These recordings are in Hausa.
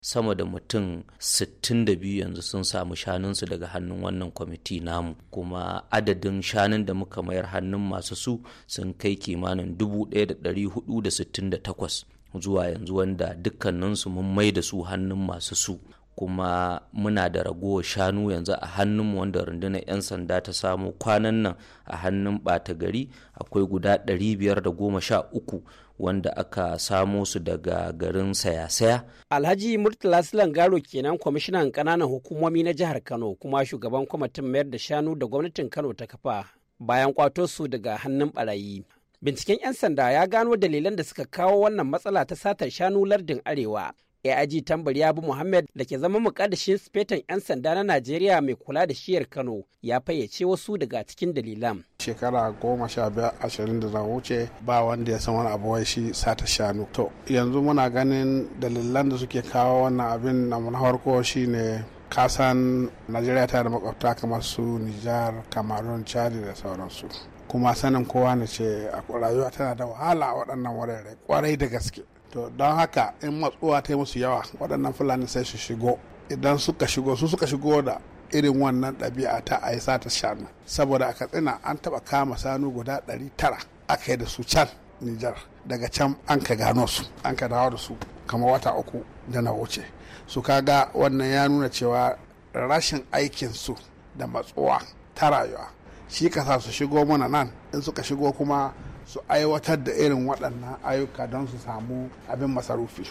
sama da mutum 62 yanzu sun samu shanunsu daga hannun wannan kwamiti namu kuma adadin shanun da muka mayar hannun masu su sun kai kimanin 1468 zuwa yanzu wanda dukkaninsu mun mai da su hannun masu su kuma muna da ragowar shanu yanzu a hannunmu wanda rundunar 'yan sanda ta samu kwanan nan a hannun bata gari akwai guda 513 wanda aka samo su daga garin sayasaya Alhaji Murtala Silan Garo kenan kwamishinan kananan hukumomi na jihar Kano kuma shugaban kwamitin mayar da shanu da gwamnatin Kano ta kafa bayan kwato su daga hannun barayi. Binciken 'yan sanda ya gano dalilan da suka kawo wannan matsala ta satar shanu lardin Arewa. AIG Tambar ya bi Muhammad da ke zama mukaddashin sifetan 'yan sanda na Najeriya mai kula da shiyar Kano ya fayyace wasu daga cikin dalilan. Shekara goma sha biyar ashirin da na wuce ba wanda ya san wani abu wai shi sata shanu. To yanzu muna ganin dalilan da suke kawo wannan abin na farko shine kasan Najeriya ta da makwabta kamar su Nijar, Kamarun, Chadi da sauransu. kuma sanin kowa ne ce a rayuwa tana da wahala a waɗannan wurare kwarai da gaske to don haka in matsuwa ta yi musu yawa waɗannan fulani sai su shigo idan suka shigo su suka shigo da irin wannan ɗabi'a ta a yi sata shanu saboda a katsina an taɓa kama sanu guda ɗari tara aka yi da su can nijar daga can an ka gano su an ka dawo da su kama wata uku da na wuce su kaga wannan ya nuna cewa rashin aikin su da matsuwa ta rayuwa shi ka sa su shigo mana nan in suka shigo kuma su aiwatar da irin waɗannan ayyuka don su samu abin masarufi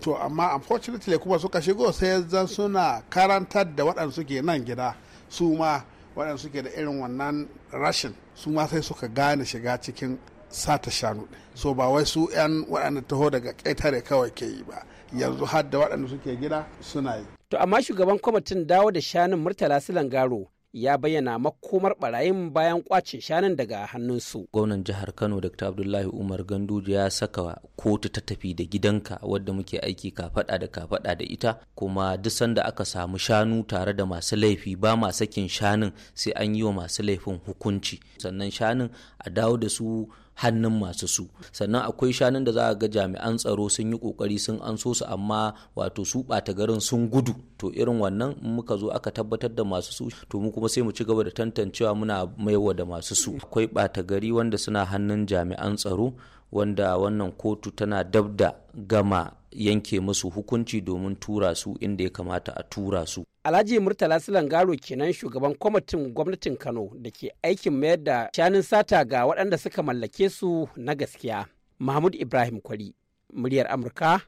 to amma unfortunately kuma suka shigo sai zan suna karantar da waɗansu suke nan gida su ma waɗansu suke da irin wannan rashin su ma sai suka gane shiga cikin sata shanu so ba wai su 'yan waɗanda taho daga ƙetare kawai ke yi ba yanzu har da waɗanda suke gida suna yi to amma shugaban kwamitin dawo da shanun murtala silangaro ya bayyana makomar barayin bayan kwacin shanun daga hannunsu. Gwamnan jihar Kano Dr. Abdullahi Umar Ganduje ya saka kotu ta tafi da gidanka wadda muke aiki kafada da kafada da ita kuma duk sanda aka samu shanu tare da masu laifi ba ma sakin shanun sai an yi wa masu laifin hukunci sannan shanun a dawo da su hannun masu su sannan akwai shanun da za a ga jami'an tsaro sun yi kokari sun an so su amma wato su ɓata garin sun gudu to irin wannan muka zo aka tabbatar da masu su to mu kuma sai mu ci gaba da tantancewa muna maiwa da masu su akwai ɓata gari wanda suna hannun jami'an tsaro wanda wannan kotu tana dab da gama yanke musu hukunci domin tura su inda ya kamata a tura su. Alhaji Murtala Silangaro kenan shugaban kwamitin gwamnatin Kano da ke aikin mayar da shanun sata ga waɗanda suka mallake su na gaskiya. Mahmud Ibrahim Kwari, muryar Amurka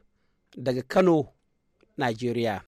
daga Kano, Najeriya.